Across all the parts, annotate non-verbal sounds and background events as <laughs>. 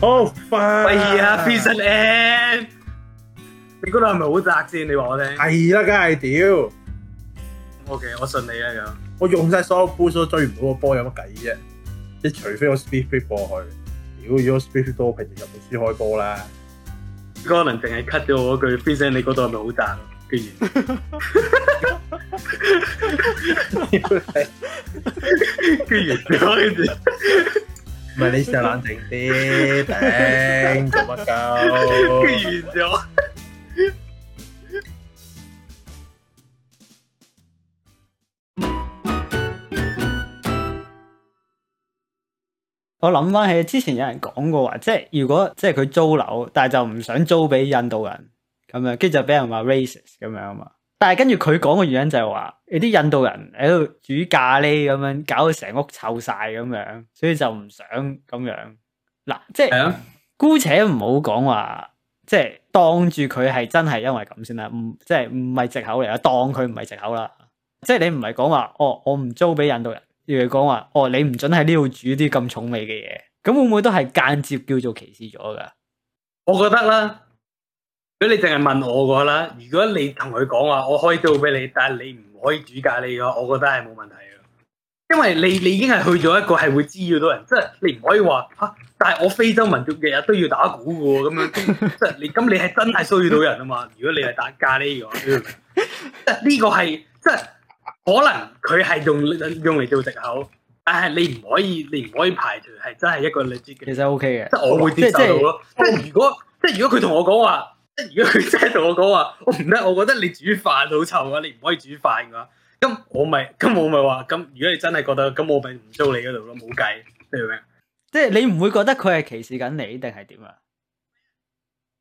好快啊！Vision N，你嗰度係咪好窄先？你話我聽係啦，梗係屌。OK，我信你一樣。我用晒所有 boost 都追唔到個波，有乜計啫？即係除非我 speed flip 過去，如果我 speed flip 多，平日又冇輸開波啦。可能淨係 cut 咗我句 Vision 你嗰度係咪好窄？居然， <laughs> <laughs> <laughs> 居然點解 <laughs> <laughs> <laughs> 居然 <laughs> <laughs> <laughs> 唔係你試下冷靜啲，頂 <laughs> 做乜鳩麼、啊？完咗。我諗翻起之前有人講過話，即係如果即係佢租樓，但係就唔想租俾印度人咁樣，跟住就俾人話 racist 咁樣嘛。但係跟住佢講嘅原因就係話有啲印度人喺度煮咖喱咁樣搞到成屋臭晒咁樣，所以就唔想咁樣。嗱，即係、啊、姑且唔好講話，即係當住佢係真係因為咁先啦，唔即係唔係藉口嚟啊？當佢唔係藉口啦，即係你唔係講話哦，我唔租俾印度人，而係講話哦，你唔准喺呢度煮啲咁重味嘅嘢，咁會唔會都係間接叫做歧視咗噶？我覺得啦。如果你淨係問我個啦，如果你同佢講話，我可以做俾你，但係你唔可以煮咖喱嘅，我覺得係冇問題嘅。因為你你已經係去咗一個係會滋擾到人，即係你唔可以話吓啊。但係我非洲民族嘅日日都要打鼓嘅喎，咁樣即係你今你係真係騷擾到人啊嘛。如果你係打咖喱嘅話，呢個係即係可能佢係用用嚟做藉口，但係你唔可以，你唔可以排除係真係一個 legit 嘅。其實 O K 嘅，即係我會接受到咯。即係如果即係如果佢同我講話。如果佢真係同我講話，我唔得，我覺得你煮飯好臭啊，你唔可以煮飯噶。咁我咪，咁我咪話，咁如果你真係覺得，咁我咪唔租你嗰度咯，冇計。你明唔明？即係你唔會覺得佢係歧視緊你，定係點啊？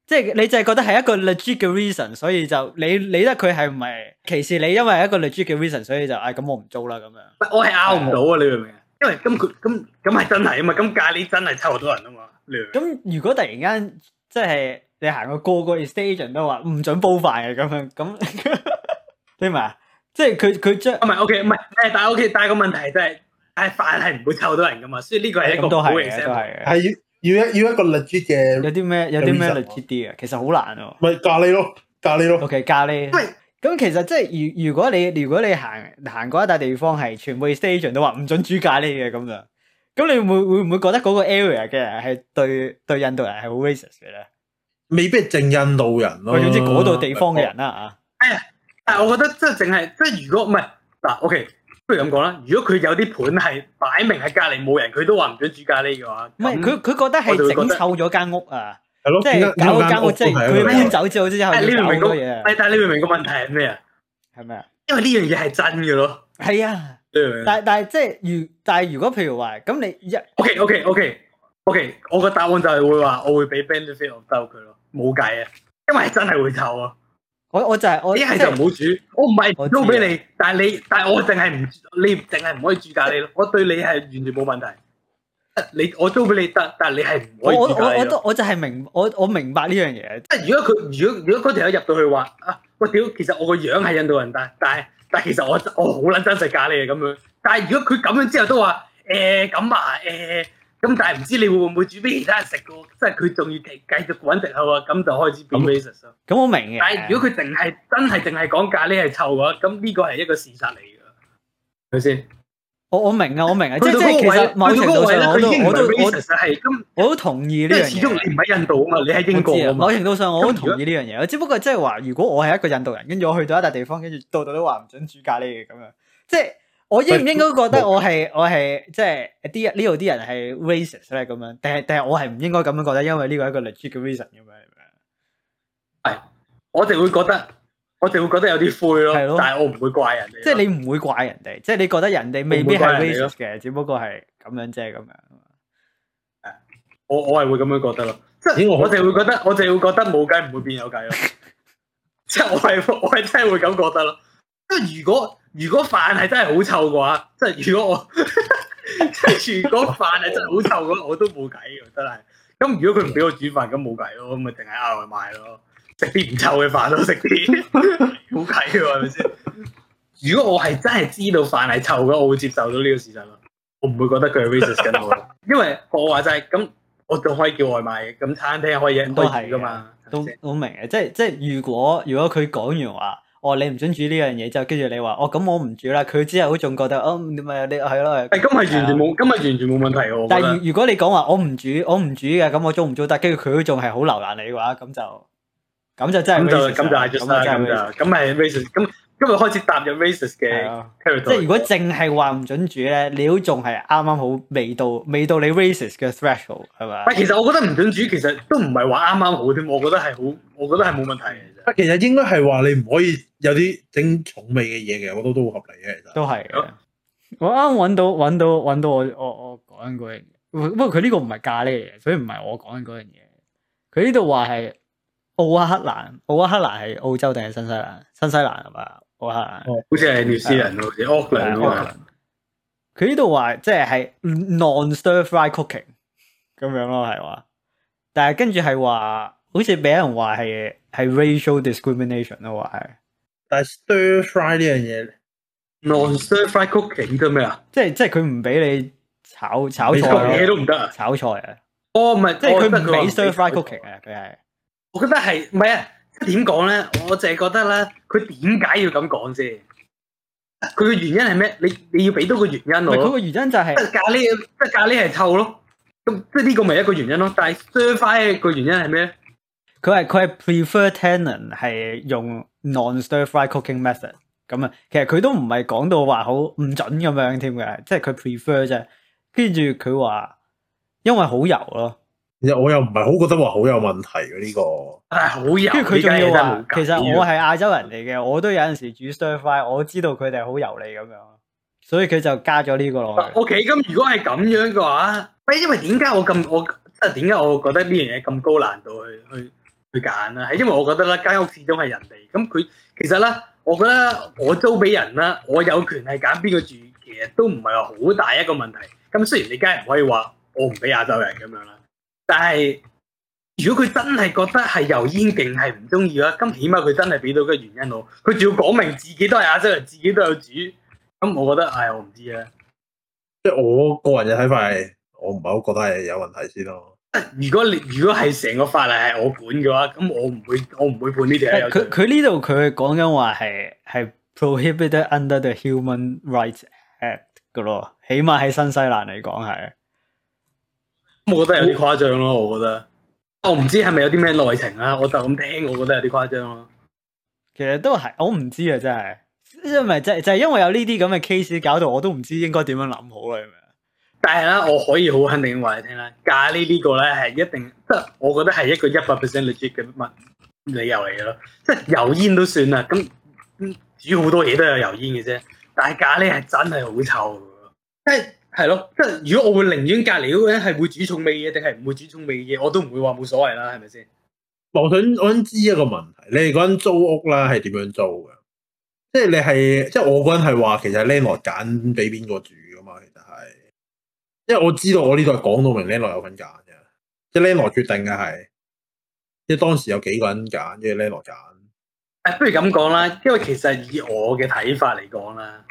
即係你就係覺得係一個 legit 嘅 reason，所以就你理理得佢係唔係歧視你，因為係一個 legit 嘅 reason，所以就唉，咁我唔租啦咁樣。我係拗唔到啊，你明唔明？因為咁佢咁咁係真係啊嘛，咁隔籬真係臭到人啊嘛，你明？咁如果突然間即係。你行過個個 station 都話唔准煲飯嘅咁樣咁，明嘛？ <laughs> 即係佢佢將唔係 OK 唔係，但係 OK，但係個問題就係，唉，飯係唔會臭到人噶嘛，所以呢個係一個好形象。咁都係嘅，都係係要一要一個 logic 嘅，有啲咩有啲咩 logic 啲嘅？其實好難喎、啊。咪咖喱咯，咖喱咯。OK，咖喱。咪咁其實即係如如果你如果你行行過一笪地方係全部 station 都話唔准煮咖喱嘅咁樣，咁你會會唔會覺得嗰個 area 嘅人係對對印度人係好 racist 嘅咧？未必係淨印度人咯，總之嗰度地方嘅人啦啊。哎呀，但係我覺得即係淨係即係如果唔係嗱，OK，不如咁講啦。如果佢有啲盤係擺明係隔籬冇人，佢都話唔准煮咖喱嘅話，唔係佢佢覺得係整臭咗間屋啊，係咯，即係搞間屋，即係佢搬走咗之後，之後好多嘢。但係你明唔明個問題係咩啊？係咪啊？因為呢樣嘢係真嘅咯。係啊，但但係即係如但係如果譬如話咁，你一 OK OK OK OK，我個答案就係會話我會俾 benefit 我佢咯。冇計啊，因為真係會臭啊！我我就係一係就唔好煮，我唔係租俾你，但係你但係我淨係唔你淨係唔可以煮咖喱咯。 <laughs> 我對你係完全冇問題。你我租俾你得，但係你係唔可以。我我我我，都我就係明我我明白呢樣嘢。即係如果佢如果如果嗰條友入到去話啊，我屌，其實我個樣係印度人，但係但係但係其實我我好捻真食咖喱咁樣。但係如果佢咁樣之後都話誒咁啊誒。欸咁但係唔知道你會唔會煮俾其他人食噶？即係佢仲要繼繼續揾食啊喎，咁就開始變 r a 咁我明嘅。但係如果佢淨係真係淨係講咖喱係臭嘅話，咁呢個係一個事實嚟嘅。佢先？我我明啊，我明啊。即係即係其實某程度上我都已經，我我我其實係，我好同意呢樣，始終你唔喺印度啊嘛，你喺英國某程度上我，我好同意呢樣嘢。只不過即係話，如果我係一個印度人，跟住我去到一笪地方，跟住到度都話唔準煮咖喱嘅咁樣，即係。我應唔應該覺得我係我係即係啲呢度啲人係 racist 咧，咁樣？但係但係我係唔應該咁樣覺得，因為呢個係一個 legit 嘅 reason 咁樣。係我就會覺得，我就會覺得有啲灰咯。但係我唔會怪人哋。即係你唔會怪人哋，即係你覺得人哋未必係 racist 嘅，只不過係咁樣啫，咁樣。我我係會咁樣覺得咯。即係我我就會覺得，我就會覺得冇計唔會變有計咯。即 <laughs> 係我係我係真係會咁覺得咯。即如果。如果飯係真係好臭嘅話，即係如果我即係 <laughs> 如果飯係真係好臭嘅話，我都冇計嘅，真係。咁如果佢唔俾我煮飯，咁冇計咯，咁咪淨係嗌外賣咯，食啲唔臭嘅飯都食啲，冇計嘅喎，係咪 <laughs> 先？是是 <laughs> 如果我係真係知道飯係臭嘅，我會接受到呢個事實咯，我唔會覺得佢係 racist 嘅。因為我話就係咁，我仲可以叫外賣嘅，咁餐廳可以人都可以煮嘅嘛。都都明嘅，即係即係如果如果佢講完話。哦，你唔准煮呢樣嘢之後，跟住你話哦，咁我唔煮啦。佢之後佢仲覺得哦，你咪你係咯，係。誒，今日完全冇，今日完全冇問題嘅。但係如果你講話我唔煮，我唔煮嘅，咁我做唔做得？跟住佢都仲係好留難你嘅話，咁就咁就真係咁就咁就係咁啦，咁就咁係 racist。咁今日開始踏入 racist 嘅，即係如果淨係話唔準煮咧，你都仲係啱啱好，未到未到你 racist 嘅 threshold 係嘛？但係其實我覺得唔準煮，其實都唔係話啱啱好添，我覺得係好，我覺得係冇問題。其實應該係話你唔可以有啲整重味嘅嘢嘅，我覺得都都好合理嘅，其實都係。我啱揾到揾到到我我我講緊嗰樣嘢，不過佢呢個唔係咖喱嘅，所以唔係我講緊嗰樣嘢。佢呢度話係奧克蘭，奧克蘭係澳洲定係新西蘭？新西蘭係嘛？奧克蘭，好似係 New Zealand。佢呢度話即係係 non-stir fry cooking 咁樣咯，係話，但係跟住係話，好似俾人話係。係 racial discrimination 咯，但係 stir fry 呢樣嘢，n 我 stir fry cooking 做咩啊？即係即係佢唔俾你炒炒菜得？炒菜，炒菜啊？哦，唔、oh，係，即係佢唔俾 stir fry cooking 啊？佢係，我覺得係唔係啊？即係點講咧？我淨係覺得咧，佢點解要咁講先？佢嘅原因係咩？你你要俾到個原因我。佢個原因就係、是、咖喱，即係咖喱係臭咯，咁即係呢個咪一個原因咯。但係 stir fry 嘅個原因係咩咧？佢係佢係 prefer tenant 係用 non-stir fry cooking method 咁啊。其實佢都唔係講到話好唔準咁樣添嘅，即係佢 prefer 啫。跟住佢話因為好油咯，又我又唔係好覺得話好有問題嘅呢個，係好油。跟住佢仲要話，其實我係、這個啊、亞洲人嚟嘅，我都有陣時候煮 stir fry，我知道佢哋好油膩咁樣，所以佢就加咗呢個咯。O K，咁如果係咁樣嘅話，喂，因為點解我咁我即係點解我覺得呢樣嘢咁高難度去去？去揀啦，係因為我覺得咧，間屋始終係人哋咁。佢其實咧，我覺得我租俾人啦，我有權係揀邊個住，其實都唔係話好大一個問題。咁雖然你梗係唔可以話我唔俾亞洲人咁樣啦，但係如果佢真係覺得係油煙勁係唔中意啦，咁起碼佢真係俾到個原因我，佢仲要講明自己都係亞洲人，自己都有住，咁我覺得唉、哎，我唔知啦。即係我個人嘅睇法係，我唔係好覺得係有問題先咯。如果你如果係成個法例係我管嘅話，咁我唔會我唔會判呢條。佢佢呢度佢講緊話係係 prohibited under the human rights act 嘅咯，起碼喺新西蘭嚟講係。我覺得有啲誇張咯，我覺得我唔知係咪有啲咩內情啦。我就咁聽，我覺得有啲誇張咯。其實都係，我唔知啊，真係，唔係就就係因為有呢啲咁嘅 case 搞到我都唔知應該點樣諗好啦，係咪？.但係咧，我可以好肯定話你聽啦，咖喱呢個咧係一定，即係我覺得係一個一百 percent legit 嘅理由嚟嘅咯。即係油煙都算啦，咁煮好多嘢都有油煙嘅啫。但係咖喱係真係好臭嘅，即係係咯，即係如果我會寧願隔籬嗰個係會煮重味嘢，定係唔會煮重味嘢，我都唔會話冇所謂啦，係咪先？矛盾，我想知一個問題，你哋嗰陣租屋啦係點樣租嘅？即係你係，即係我嗰陣係話，其實係 landlord 揀俾邊個住。因為我知道我呢個係講到明，Len 羅有份揀嘅，即係 Len 羅決定嘅係，即係當時有幾個人揀，即係 Len 羅揀。不如咁講啦，因為其實以我嘅睇法嚟講啦，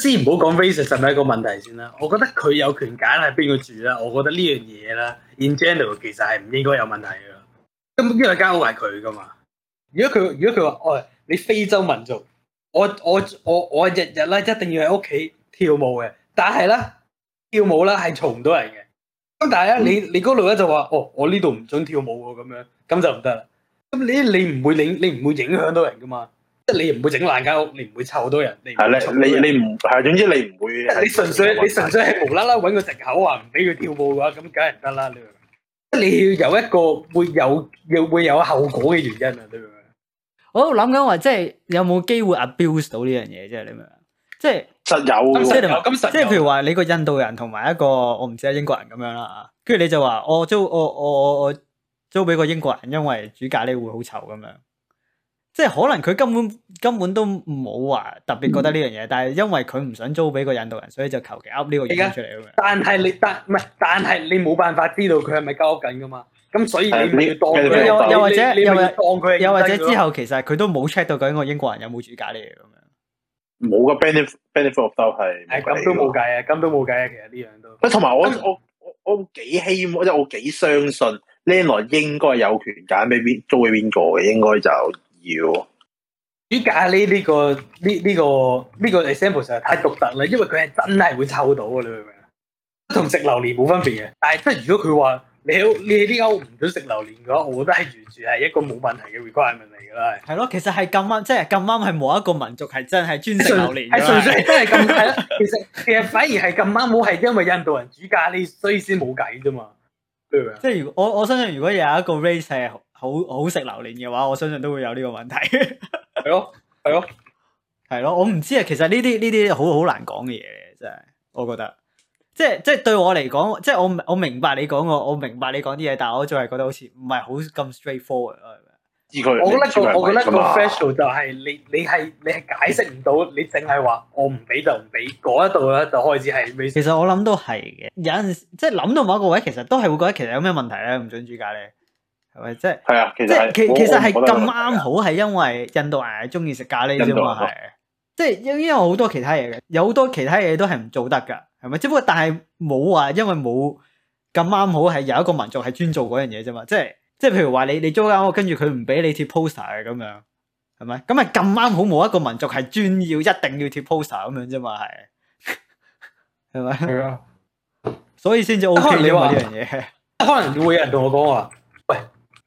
先唔好講 racism 係咪一個問題先啦。我覺得佢有權揀係邊個住啦，我覺得呢樣嘢啦，in general 其實係唔應該有問題嘅。根本呢個交係佢噶嘛。如果佢如果佢話，喂，你非洲民族，我我我我日日咧一定要喺屋企跳舞嘅，但係咧。跳舞啦，係嘈唔到人嘅。咁但係咧，你你嗰度咧就話哦，我呢度唔准跳舞喎，咁樣咁就唔得啦。咁你你唔會影你唔會影響到人噶嘛？即係你唔會整爛間屋，你唔會吵到人。係咧，你你唔係，總之你唔會你純。你純粹你純粹係無啦啦揾個藉口話唔俾佢跳舞嘅話，咁梗係唔得啦。你你要有一個會有有會有後果嘅原因啊。你明唔明？我諗緊話，即係有冇機會 abuse 到呢樣嘢？即係你明唔明？即係。實有，實有，實有，即係譬如話你個印度人同埋一個我唔知係英國人咁樣啦，跟住你就話我租我我我，我租俾個英國人，因為煮咖喱會好臭咁樣。即係可能佢根本根本都冇話特別覺得呢樣嘢，嗯、但係因為佢唔想租俾個印度人，所以就求其噏呢個嘢出嚟咁樣。但係你但唔係，但係你冇辦法知道佢係咪交屋緊噶嘛？咁所以你你當佢又或者你又當佢，又或者之後其實佢都冇 check 到究竟個英國人有冇煮咖喱呢咁樣。冇個 benefit，benefit 都係咁都冇計啊，咁都冇計啊，其實呢樣都。不，同埋我我我我幾希望，即係我幾相信 Leno 應該有權揀俾邊租俾邊個嘅，應該就要。依家，呢呢個呢呢個呢個 example 實在太獨特啦，因為佢係真係會抽到嘅，你明唔明啊？同食榴蓮冇分別嘅，但係即係如果佢話你喺你喺呢間屋唔准食榴蓮嘅話，我覺得係完全係一個冇問題嘅 requirement。係咯，其實係咁啱，即係咁啱係冇一個民族係真係專食榴蓮噶， <laughs> 係純粹真係咁係咯。其實其實反而係咁啱，冇係因為印度人煮咖喱，所以先冇計啫嘛。即係我我相信，如果有一個 race 係好好食榴蓮嘅話，我相信都會有呢個問題，哦。係咯，哦，係咯，係咯。我唔知啊，其實呢啲呢啲好好難講嘅嘢，真係我覺得，即係即係對我嚟講，即係我我明白你講個，我明白你講啲嘢，但我仲係覺得好似唔係好咁 straightforward。我覺得個我覺得個 fashion 就係你你係你係解釋唔到，你淨係話我唔俾就唔俾嗰一度咧就開始係。其實我諗都係嘅，有陣時即係諗到某一個位，其實都係會覺得其實有咩問題咧，唔準煮咖喱，係咪即係？係啊，其實即係其其實係咁啱好係因為印度人係中意食咖喱啫嘛，係即係因因為好多其他嘢嘅，有好多其他嘢都係唔做得㗎，係咪？只不過但係冇話，因為冇咁啱好係有一個民族係專做嗰樣嘢啫嘛，即係。即係譬如話你你租間屋跟住佢唔俾你貼 poster 嘅咁樣係咪？咁係咁啱好冇一個民族係專要一定要貼 poster 咁樣啫嘛係係咪？係啊，所以先至 OK 你話呢樣嘢，可能會有人同我講話，喂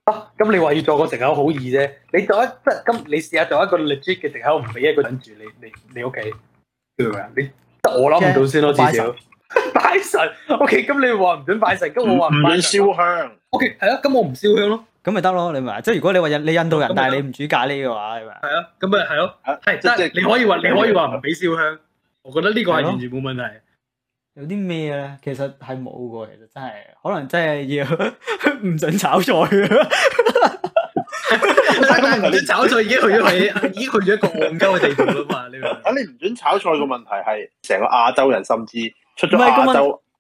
啊，咁你話要做個藉口好易啫，你做一即係咁你試下做一個 legit 嘅藉口唔俾一個人住你你你屋企，明唔明啊？你即係我諗唔到先咯，至少拜神 OK，咁你話唔準拜神，咁我話唔準燒香。係、okay, 啊、嗯，咁我唔燒香咯，咁咪得咯，你咪，即係如果你話印你印度人，嗯、但係你唔煮咖喱嘅話，係、嗯、咪？係、嗯、啊，咁咪係咯，係、嗯嗯，但係你可以話、啊、你可以話唔俾燒香、啊，我覺得呢個係完全冇問題。有啲咩咧？其實係冇噶，其實真係，可能真係要唔 <laughs> 准炒菜、 <laughs> <laughs> <laughs> 嗯。 <laughs> 但係唔准炒菜已經去咗你，已經去咗一個戇鳩嘅地步啦嘛？你個你唔准炒菜嘅問題係成個亞洲人，甚至出咗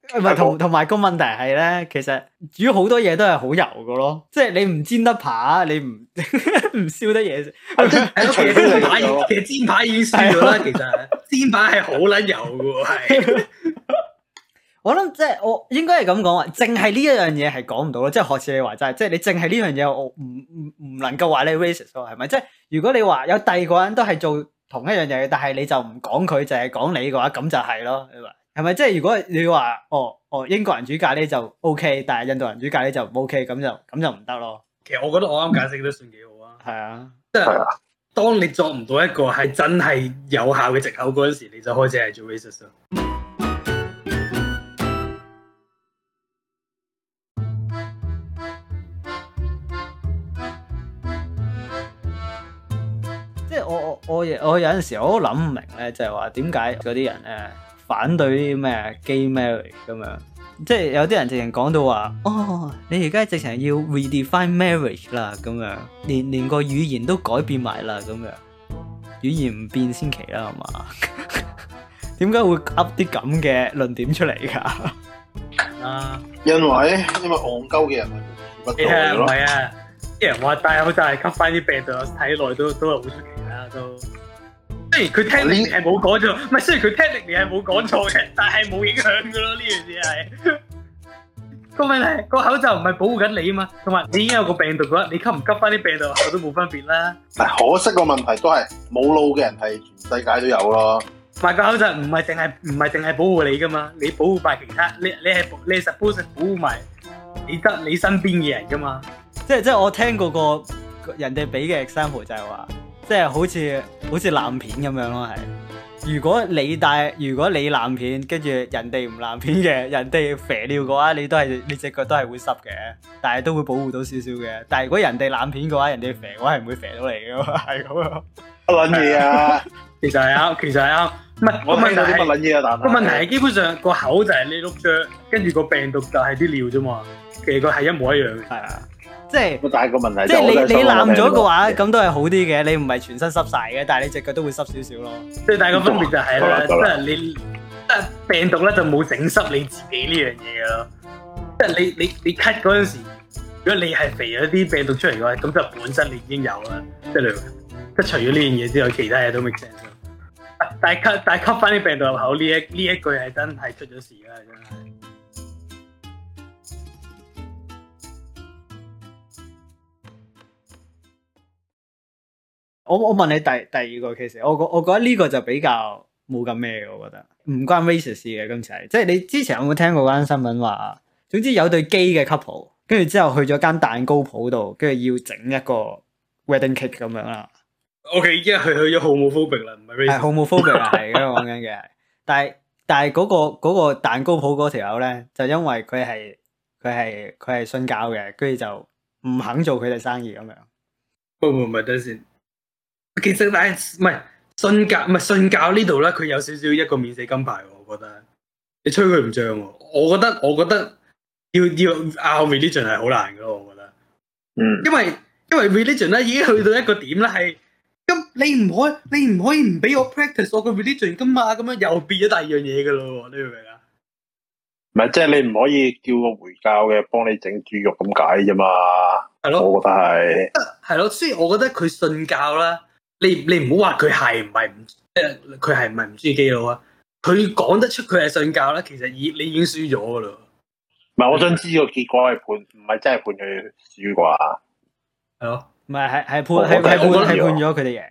係同同埋個問題係咧，其實主要好多嘢都係好油㗎咯，即係你唔煎得扒，你唔唔燒得嘢食，係咯，其實煎扒已經燒咗啦。其實煎扒係好撚油㗎，係。我諗即係我應該係咁講話，淨係呢一樣嘢係講唔到咯，即係學似你話齋，即係你淨係呢樣嘢，我唔唔唔能夠話你係 racist 係咪？即係如果你話有第二個人都係做同一樣嘢，但係你就唔講佢，淨係講你嘅話，咁就係咯。係咪即係如果你話哦哦英國人煮咖喱咧就 OK，但係印度人煮咖喱咧就唔 OK，咁就咁就唔得咯。其實我覺得我啱解釋都算幾好啊。係啊，即係當你作唔到一個係真係有效嘅藉口嗰陣時，你就開始係做 racist 咯。即係我我我我有陣時我都諗唔明咧，就係話點解嗰啲人咧？反對啲咩 gay marriage 咁樣，即係有啲人直情講到話，哦，你而家直情要 redefine marriage 啦咁樣，連連個語言都改變埋啦咁樣，語言唔變先奇啦，係嘛？點解會噏啲咁嘅論點出嚟㗎？啊，因為因為戇鳩嘅人咪唔乜到咯，啲人話戴口罩係吸翻啲病毒睇落都都係好出奇啦都。雖然佢聽你係冇講錯，唔係，雖然佢聽你係冇講錯嘅， <laughs> 但係冇影響噶咯，呢件事係個問題，個 <laughs> 口罩唔係保護緊你啊嘛，同埋你已經有個病毒嘅話，你吸唔吸翻啲病毒都冇分別啦。但可惜個問題都係冇腦嘅人係全世界都有咯。埋個口罩唔係淨係唔係淨係保護你噶嘛，你保護晒其他，你你係你係 suppose 保，保護埋你得你身邊嘅人噶嘛。即係即係我聽過個人哋俾嘅 example 就係、是、話。即係好似好似爛片咁樣咯，係。如果你帶如果你爛片，跟住人哋唔爛片嘅，人哋瀨尿嘅話，你都係你隻腳都係會濕嘅，但係都會保護到少少嘅。但係如果人哋爛片嘅話，人哋瀨嘅話係唔會瀨到嚟嘅喎，係咁啊。乜撚嘢啊，其實係啊，其實係啊，唔係我問題係個問題係基本上個口就係呢碌雀，跟住個病毒就係啲尿啫嘛，其實係一模一樣嘅。係啊。即係，即係、就是、你的你攬咗嘅話，咁都係好啲嘅。你唔係全身濕晒嘅，但係你隻腳都會濕少少咯。即係大個分別就係、是、啦，即係、就是、你即係病毒咧就冇整濕你自己呢樣嘢咯。即係你你你咳嗰陣時，如果你係肥咗啲病毒出嚟嘅話，咁就本身你已經有啦。即、就、係、是、除咗呢樣嘢之外，其他嘢都未生。但係吸但係吸翻啲病毒入口呢一呢一句係真係出咗事啦，真係。我我問你第第二個 case，我覺我覺得呢個就比較冇咁咩嘅，我覺得唔關 racist 事嘅今次係，即係你之前有冇聽過嗰單新聞話啊？總之有對 gay 嘅 couple，跟住之後去咗間蛋糕鋪度，跟住要整一個 wedding cake 咁樣啦。O K，依家，去去咗 homophobic 啦，唔係 racist。係 homophobic 啊， <laughs> 係而家講緊嘅，但係但係嗰個嗰個蛋糕鋪嗰條友咧，就因為佢係佢係佢係信教嘅，跟住就唔肯做佢哋生意咁樣。唔得先。其實誒，唔係信教唔係信教呢度咧，佢有少少一個免死金牌，我覺得你吹佢唔張喎，我覺得我覺得要要啊，religion 係好難噶咯，我覺得。嗯因，因為因為 religion 咧已經去到一個點啦，係咁你唔可你唔可以唔俾我 practice 我嘅 religion 噶嘛，咁樣又變咗第二樣嘢噶咯，你明唔明啊？唔係即係你唔可以叫個回教嘅幫你整豬肉咁解啫嘛。係咯，我覺得係。係咯，雖然我覺得佢信教啦。你你唔好話佢係唔係唔即係佢係唔係唔中意基佬啊？佢講得出佢係信教啦，其實已你已經輸咗噶啦。唔係，我想知個結果係判，唔係真係判佢輸啩？係咯，唔係係係判係判係判咗佢哋贏。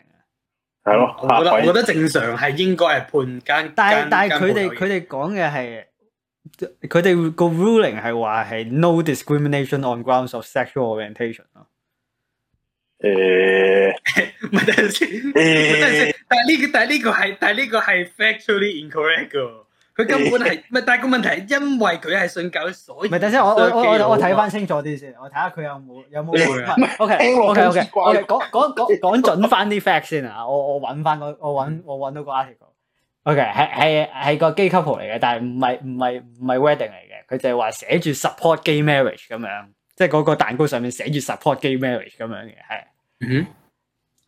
係咯，我覺得我覺得正常係應該係判間。但但係佢哋佢哋講嘅係，佢哋個 ruling 係話係 No discrimination on grounds of sexual orientation 啊。誒，唔係等先，唔係等先，但係呢個但係呢個係但係呢個係 factually incorrect 嘅，佢根本係唔係但係個問題，因為佢係信教，所以唔係等先，我我我我我睇翻清楚啲先，我睇下佢有冇有冇誤會。唔係，OK，OK，OK，講講講講準翻啲 fact 先啊！我我搵翻個我搵我搵到個 article。OK，係係係個 gay couple 嚟嘅，但係唔係唔係唔係 wedding 嚟嘅，佢就係話寫住 support gay marriage 咁樣。即係嗰個蛋糕上面寫住 support gay marriage 咁樣嘅，係。嗯。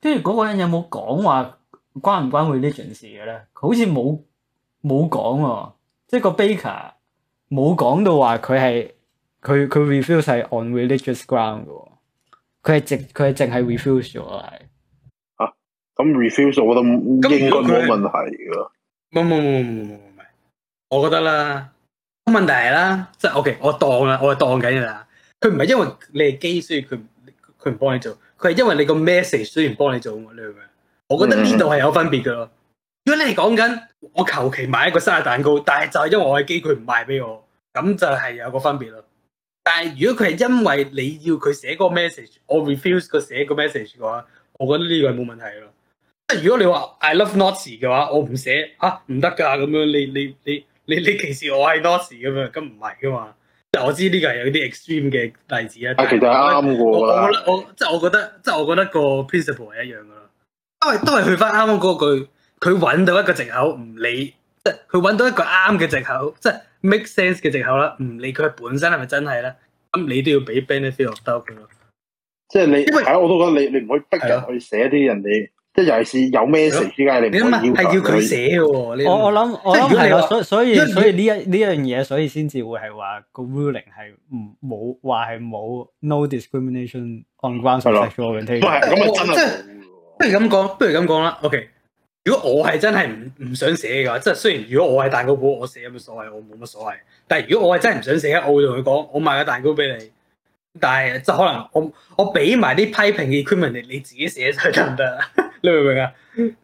跟住嗰個人有冇講話關唔關 religion 呢件事嘅咧？佢好似冇冇講喎，即係、哦就是、個 baker 冇講到話佢係佢佢 refuse 係 on religious ground 嘅，佢係佢係淨係 refuse 咗係。啊，咁 refuse，我覺得應該冇問題噶。冇冇冇冇冇冇冇，我覺得啦。問題係啦，即、就、係、是、OK，我當啦，我當緊噶啦。佢唔係因為你係機，所以佢佢唔幫你做，佢係因為你個 message 雖然幫你做，你明唔明？我覺得呢度係有分別噶咯。如果你係講緊我求其買一個生日蛋糕，但係就係因為我係機，佢唔賣俾我，咁就係有個分別咯。但係如果佢係因為你要佢寫個 message，我 refuse 佢寫個 message 嘅話，我覺得呢個係冇問題咯。即係如果你話 I love Nazi 嘅話，我唔寫啊，唔得噶咁樣你，你你你你你歧視我係 Nazi 咁樣，咁唔係噶嘛。我知呢個係有啲 extreme 嘅例子啊，但係其實啱嘅喎。我我即係我，我，我覺得，即係我覺得，我覺得個 principle 係一樣嘅咯。因為都係去翻啱啱嗰句，佢揾到一個藉口，唔理即係佢揾到一個啱嘅藉口，即係 make sense 嘅藉口啦，唔理佢本身係咪真係咧。咁你都要俾 benefit of doubt 嘅咯，即係你係啊！我都覺得你你唔可以逼人去寫啲人哋。即係尤其是有咩食先，嗌你唔要佢。係要佢寫嘅喎。我我諗，我諗係咯。所以所以呢一呢樣嘢，所以先至會係話個 ruling 係唔冇話係冇 no discrimination on grounds of sexual orientation。唔係咁啊，真係。不如咁講，不如咁講啦。OK，如果我係真係唔唔想寫嘅話，即係雖然如果我係蛋糕鋪，我寫有乜所謂？我冇乜所謂。但係如果我係真係唔想寫咧，我會同佢講：我賣個蛋糕俾你。但係即係可能我我俾埋啲批評嘅 comment 你你自己寫上去得唔得？你明唔明啊？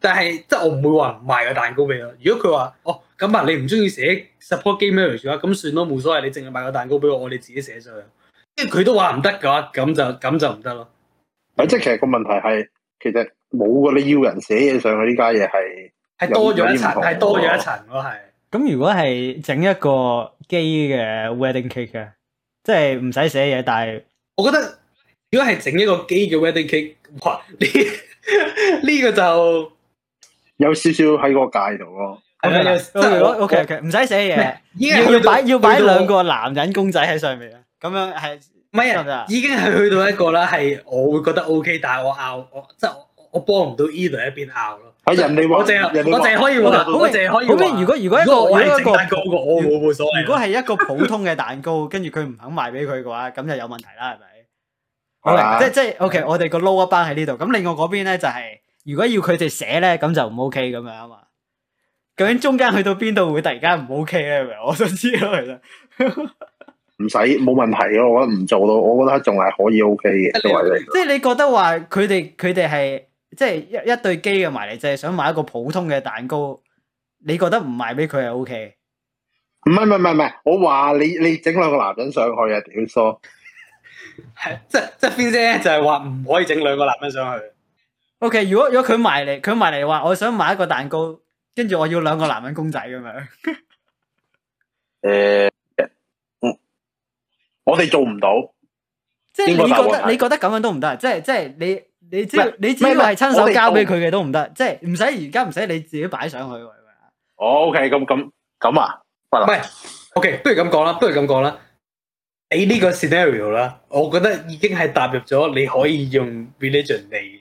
但係即係我唔會話唔賣個蛋糕俾佢。如果佢話哦咁啊，你唔中意寫 support gay marriage 嘅話，咁算咯，冇所謂。你淨係買個蛋糕俾我，我你自己寫上去。即係佢都話唔得嘅話，咁就咁就唔得咯。即係其實個問題係其實冇個你要人寫嘢上去呢家嘢係係多咗一層，係多咗一層咯。係咁，如果係整一個 gay 嘅 wedding cake 嘅。即係唔使寫嘢，但係我覺得如果係整一個機嘅 wedding cake 哇！呢呢、呢個就有少少喺個界度咯。O K O K，唔使寫嘢，依家要要擺要擺兩個男人公仔喺上面啊！咁樣係，唔係啊？已經係去到一個啦，係我會覺得 O、OK, K， <laughs> 但係我拗我即係、就是、我幫唔到 either 一邊拗咯。喺人哋淨係，人哋我淨係可以喎。咁咪，咁咪如果如果一個我係一個嗰個我冇所謂。如果係一個普通嘅蛋糕，跟住佢唔肯賣俾佢嘅話，咁就有問題啦，係咪？O K，即係即係 O K。我哋個撈一班喺呢度。咁另外嗰邊咧就係，如果要佢哋寫咧，咁就唔 O K 咁樣啊嘛。究竟中間去到邊度會突然間唔 O K 咧？我想知啦，係啦。唔使冇問題咯，我覺得唔做到，我覺得仲係可以 O K 嘅。即係你覺得話佢哋佢哋係。即係一一對基嘅埋嚟，就係想買一個普通嘅蛋糕。你覺得唔賣俾佢係 O K？唔係唔係唔係，我話你你整兩個男人上去啊！點算，係即即係邊啫？就係話唔可以整兩個男人上去。 <laughs> o、okay, K，如果如果佢埋嚟，佢埋嚟話我想買一個蛋糕，跟住我要兩個男人公仔咁樣。誒，嗯，我哋做唔到。 <laughs> 即係你覺得你覺得咁樣都唔得？即係即係你。你只要你只要呢個係親手交俾佢嘅都唔得，即係唔使而家唔使你自己擺上去。哦，OK，咁咁咁啊，唔係，OK，不如咁講啦，不如咁講啦。你呢個 scenario 啦，我覺得已經係踏入咗你可以用 religion 嚟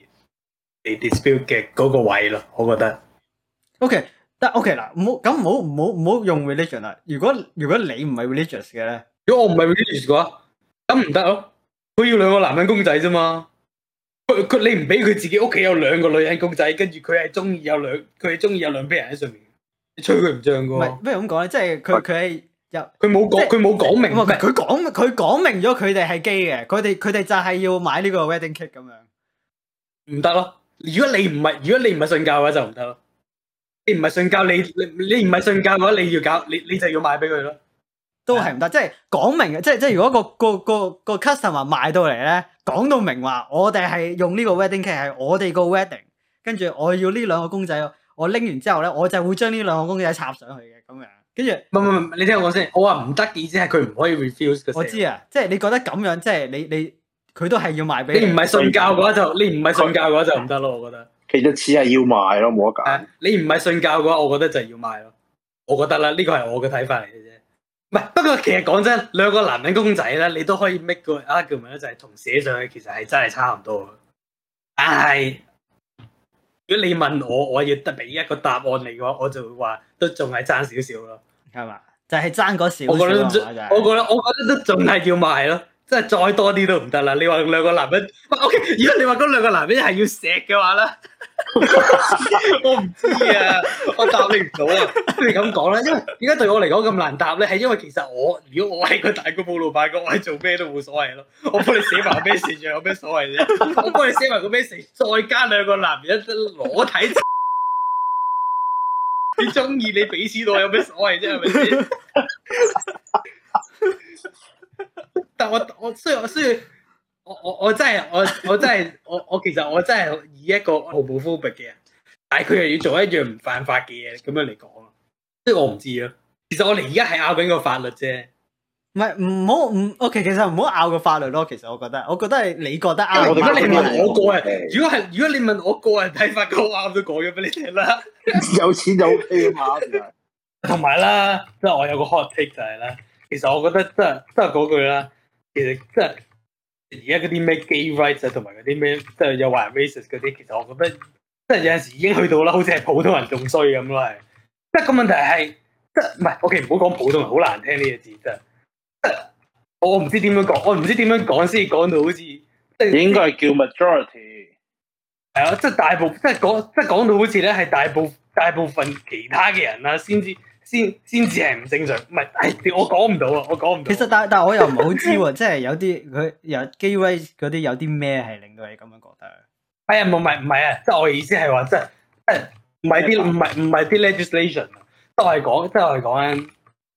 嚟 dispute 嘅嗰個位咯，我覺得。OK，得 OK 啦，唔好咁唔好唔好唔好用 religion 啦。如果如果你唔係 religious 嘅咧，如果我唔係 religious 嘅話，咁唔得咯。佢要兩個男人公仔啫嘛。佢佢你唔俾佢自己屋企有兩個女人公仔，跟住佢係中意有兩佢係中意有兩批人喺上面。你吹佢唔脹噶？不如咁講咧？即係佢佢係入佢冇講佢冇講明。佢講佢講明咗，佢哋係 gay 嘅。佢哋佢哋就係要買呢個 wedding cake 咁樣，唔得咯。如果你唔係如果你唔係信教嘅話就唔得咯。你唔係信教你你你唔係信教嘅話你要搞你你就要買俾佢咯，都係唔得。即係講明嘅，即係即係如果個個個個 customer 買到嚟咧。講到明話，我哋係用呢個 wedding cake 係我哋個 wedding，跟住我要呢兩個公仔，我拎完之後咧，我就會將呢兩個公仔插上去嘅咁樣，跟住唔唔唔，你聽我講先，啊，我話唔得嘅意思係佢唔可以 refuse 嘅。我知啊，即係你覺得咁樣，即係你你佢都係要賣俾你，唔係信教嘅話就你唔係信教嘅話就唔得咯，我覺得其實似係要賣咯，冇得揀。你唔係信教嘅話，我覺得就係要賣咯，我覺得啦，呢個係我嘅睇法嚟嘅啫。唔係，不過其實講真，兩個男人公仔咧，你都可以 make 個 argument 咧，就係同寫上去其實係真係差唔多。但係如果你問我，我要得俾一個答案嚟嘅話，我就會話都仲係爭少少咯。係嘛？就係爭嗰少。我覺得我覺得我覺得都仲係要賣咯。真係再多啲都唔得啦！你話兩個男人，OK。如果你話嗰兩個男人係要錫嘅話咧， <laughs> 我唔知啊，我答你唔到啊。你咁講咧，因為點解對我嚟講咁難答咧？係因為其實我，如果我係個大公鋪老闆，我係做咩都冇所謂咯。我幫你寫埋個 message，又有咩所謂啫？我幫你寫埋個 message，再加兩個男人裸體 <laughs> 你，你中意你俾錢我有咩所謂啫？係咪先？ <laughs> <laughs> <laughs> 但我我雖然雖然我我我真係我我真係我我其實我真係以一個毫無分別嘅人，但係佢又要做一樣唔犯法嘅嘢，咁樣嚟講，即係我唔知咯。其實我哋而家係拗緊個法律啫。唔係唔好唔 O K，其實唔好拗個法律咯。其實我覺得，我覺得係你覺得拗。為我，為我如果你問我個人，如果係如果你問我個人睇法嘅話，我都講咗俾你聽啦。有錢就 O K 啊嘛，同 <laughs> 埋啦，即係我有個 hot take 就係啦。其實我覺得真係真係嗰句啦，其實真係而家嗰啲咩 gay rights 啊，同埋嗰啲咩即係有話 racist 嗰啲，其實我覺得真係有陣時已經去到啦，好似係普通人仲衰咁咯，係即係個問題係即係唔係？我哋唔好講普通人好難聽呢個字，即係即係我唔知點樣講，我唔知點樣講先講到好似即係應該係叫 majority，係啊，即係大部，即係講即係講到好似咧係大部大部分其他嘅人啦，先至。先先至係唔正常，唔係，唉、哎，我講唔到啊，我講唔到。其實但但我又唔好知喎， <laughs> 即係有啲佢 -right、有 gay right 嗰啲有啲咩係令到你咁樣覺得？係、哎、啊，冇咪唔係啊，即係、就是、我嘅意思係話，即、哎、係，唔係啲唔係唔係啲 legislation，都係講，即係講咧，啲、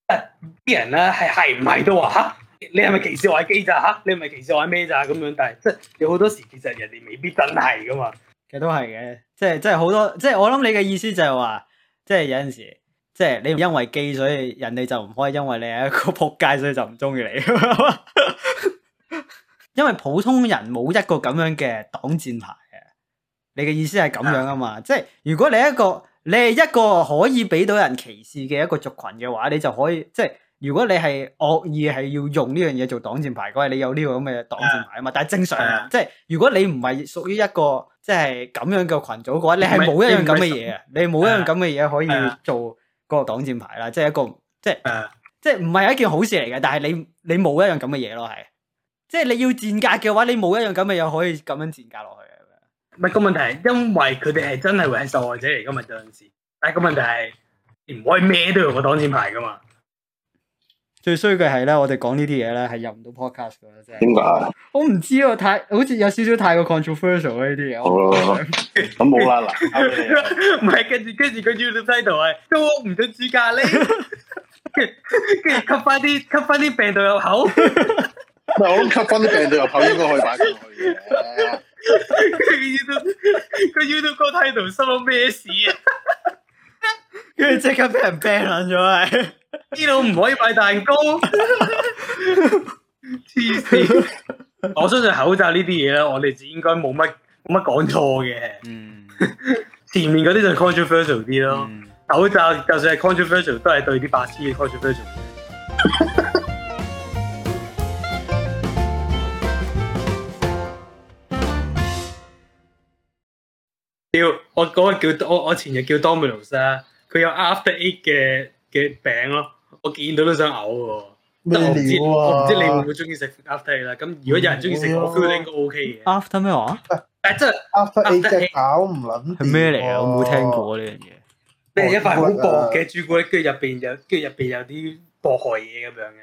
哎、人咧係係唔係都話吓，你係咪歧視我係基咋吓？你係咪歧視我係咩咋咁樣？但係即係有好多時，其實人哋未必真係噶嘛。其實都係嘅，即係即係好多，即係我諗你嘅意思就係話，即係有陣時。即係你因為基，所以人哋就唔可以因為你係一個撲街，所以就唔中意你。因為普通人冇一個咁樣嘅擋箭牌嘅，你嘅意思係咁樣啊嘛？即係如果你一個你係一個可以俾到人歧視嘅一個族群嘅話，你就可以即係如果你係惡意係要用呢樣嘢做擋箭牌，嘅話你有呢個咁嘅擋箭牌啊嘛。但係正常，即係如果你唔係屬於一個即係咁樣嘅群組嘅話，你係冇一樣咁嘅嘢啊，你係冇一樣咁嘅嘢可以做。嗰、那個黨戰牌啦，即係一個，即係、uh, 即係唔係一件好事嚟嘅。但係你你冇一樣咁嘅嘢咯，係，即係你要賤格嘅話，你冇一樣咁嘅嘢可以咁樣賤格落去啊。唔係，個問題係因為佢哋係真係會係受害者嚟噶嘛，有陣時。但係個問題係你唔可以咩都用個擋箭牌噶嘛。最衰嘅係咧，我哋講呢啲嘢咧係入唔到 podcast 嘅喇。點解我唔知啊，太好似有少少太過 controversial 呢啲嘢。好咁冇啦嗱。唔、嗯、係，跟、嗯、 <laughs> <laughs> 住跟住佢 YouTube title 係租唔得煮咖喱，跟 <laughs> 住 <laughs> 吸翻啲吸翻啲病毒入口。唔係，我吸翻啲病毒入口應該可以擺過去嘅。 <laughs> <laughs> 跟住 YouTube 個 YouTube title 收到咩事啊？ <laughs> 跟住即刻俾人 ban 咗，係呢度唔可以賣蛋糕，黐線！我相信口罩呢啲嘢咧，我哋只應該冇乜冇乜講錯嘅。嗯，前面嗰啲就係 controversial 啲咯，口罩就算係 controversial，都係對啲白痴嘅 controversial。叫我嗰日叫，我我前日叫 Dominos 啊。佢有 After Eight 嘅嘅餅咯，我見到都想嘔喎。唔知我唔知你會唔會中意食 after 啦。咁如果有人中意食，我 feel 應該 OK 嘅。After 咩話？但真係 After Eight 搞唔撚掂。係咩嚟啊？我冇聽過呢樣嘢。咩一塊好薄嘅朱古力，跟住入邊有，跟住入邊有啲薄荷嘢咁樣嘅。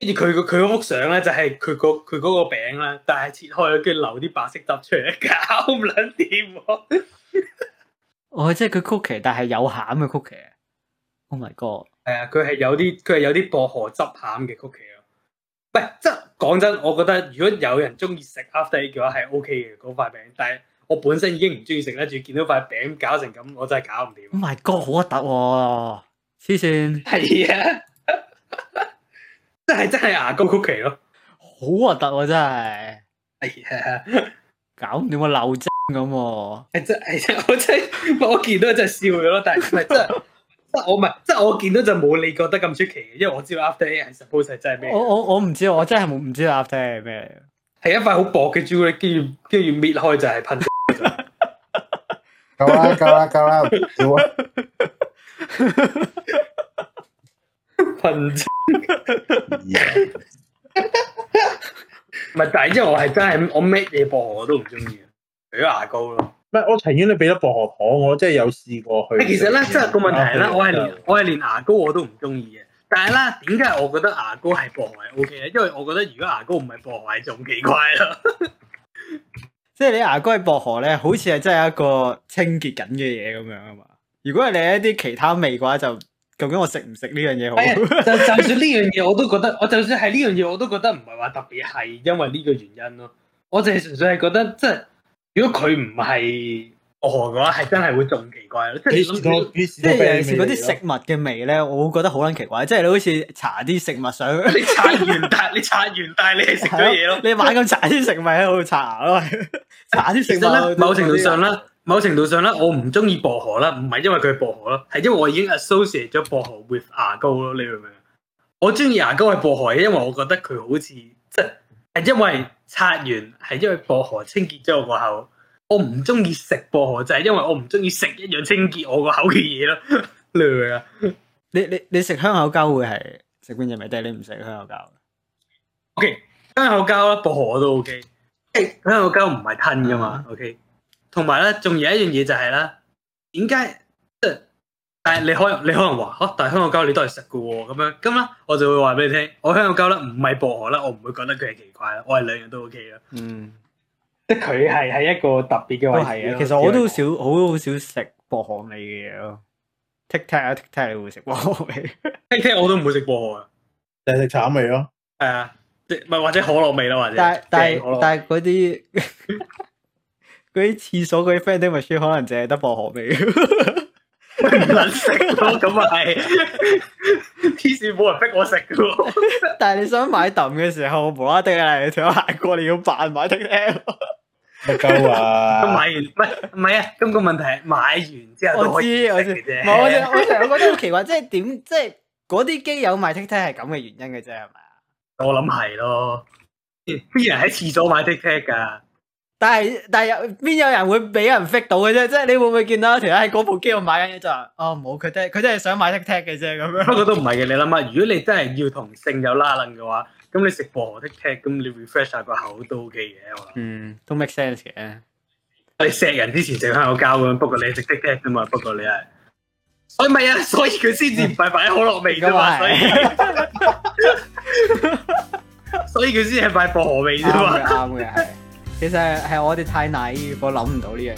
跟住佢個佢嗰幅相咧，就係佢個佢嗰個餅啦，但係切開跟住留啲白色汁出嚟，搞唔撚掂。哦，即係佢曲奇，但係有餡嘅曲奇 Oh my god！係啊，佢係有啲，佢係有啲薄荷汁餡嘅曲奇咯。喂，真講真，我覺得如果有人中意食 After 嘅話係 OK 嘅嗰塊餅，但係我本身已經唔中意食咧，仲見到塊餅搞成咁，我真係搞唔掂。Oh my god！好核突喎，黐線！係啊， <laughs> 真係真係牙膏曲奇咯，好核突啊真係！哎 <laughs> 呀、啊，搞唔掂我流咁喎，係真係真，我真，我見到就笑咗咯。但係唔係真，真我唔係真，我見到就冇你覺得咁出奇。因為我知道 After Eight，I suppose 真係咩，我我我唔知，我真係唔唔知 After Eight 係咩，係一塊好薄嘅朱古力，跟住跟住搣開就係噴。夠啦夠啦夠啦，點啊？噴！唔係，但係因為我係真係我咩嘢薄我都唔中意。俾牙膏咯，唔係我曾經都俾咗薄荷糖，我真係有試過去。其實咧，真係個問題咧，我係我係連牙膏我都唔中意嘅。但係咧，點解我覺得牙膏係薄荷係 O K 咧？因為我覺得如果牙膏唔係薄荷，就唔奇怪啦。即係你牙膏係薄荷咧，好似係真係一個清潔緊嘅嘢，咁樣啊嘛。如果係你一啲其他味嘅話，就究竟我食唔食呢樣嘢好？的就就算呢樣嘢，我都覺得，我就算係呢樣嘢，我都覺得唔係話特別係因為呢個原因咯。我淨係純粹係覺得，即係。如果佢唔係薄荷嘅話，係真係會仲奇怪咯。即係諗，即係尤其是嗰啲食物嘅味咧，我會覺得好撚奇怪。即係你好似擦啲食物上去 <laughs> 你，你擦完但你擦完但係你係食咗嘢咯。你買咁擦啲食物喺度擦咯。擦啲食物，某程度上啦，某程度上啦，我唔中意薄荷啦，唔係因為佢係薄荷咯，係因為我已經 associate 咗薄荷 with 牙膏咯。你明唔明？我中意牙膏係薄荷，因為我覺得佢好似即係。係因為刷完，係因為薄荷清潔咗我個口。我唔中意食薄荷，就係因為我唔中意食一樣清潔我個口嘅嘢咯。你你你食香口膠會係食邊隻味？但係你唔食香口膠。O K，香口膠啦，薄荷都 O K。誒，香口膠唔係吞噶嘛？O K，同埋咧，仲有一樣嘢就係啦，點解即係？但係你可能你可能話，嗬，但係香口膠你都係食嘅咁樣，咁咧我就會話俾你聽，我香口膠咧唔係薄荷啦，我唔會覺得佢係奇怪啦，我係兩樣都 OK 啦。嗯，即係佢係係一個特別嘅話題咯。其實我都少，我都好少食薄荷味嘅嘢咯。Tic Tac 啊，Tic Tac 你會食薄荷味？Tic Tac 我都唔會食薄荷啊，就食橙味咯。係啊，唔係或者可樂味啦，或者但係但係嗰啲嗰啲廁所嗰啲 Fanta machine 可能淨係得薄荷味。唔 <laughs> 能食咯，咁啊係，T 字冇人逼我食噶，但係你想買氹嘅時候，無啦啦你想鞋過嚟要扮買 TikTok，夠 <laughs> 啊！買完唔係啊，咁、那個問題係買完之後我知我知，我知我日覺得好奇怪， <laughs> 即係點即係嗰啲機友買 TikTok 係咁嘅原因嘅啫，係咪啊？我諗係咯，邊人喺廁所買 TikTok 啊？但係但有邊有人會俾人 fit 到嘅啫？即係你會唔會見到其他喺嗰部機度買緊嘢，就話哦冇佢的，佢真係想買 Tic Tac 嘅啫咁樣。不過都唔係嘅，你諗下，如果你真係要同性有拉楞嘅話，咁你食薄荷 Tic Tac 咁你 refresh 下個口都 ok 嘅。嗯，都 make sense 嘅。你錫人之前錫翻個香口膠咁，不過你食 Tic Tac 啫嘛，不過你係，所以咪啊，所以佢先至唔係擺可樂味啫嘛，所以，所以佢先至擺薄荷味啫嘛。啱嘅係。其實係我哋太 naive，我諗唔到呢樣。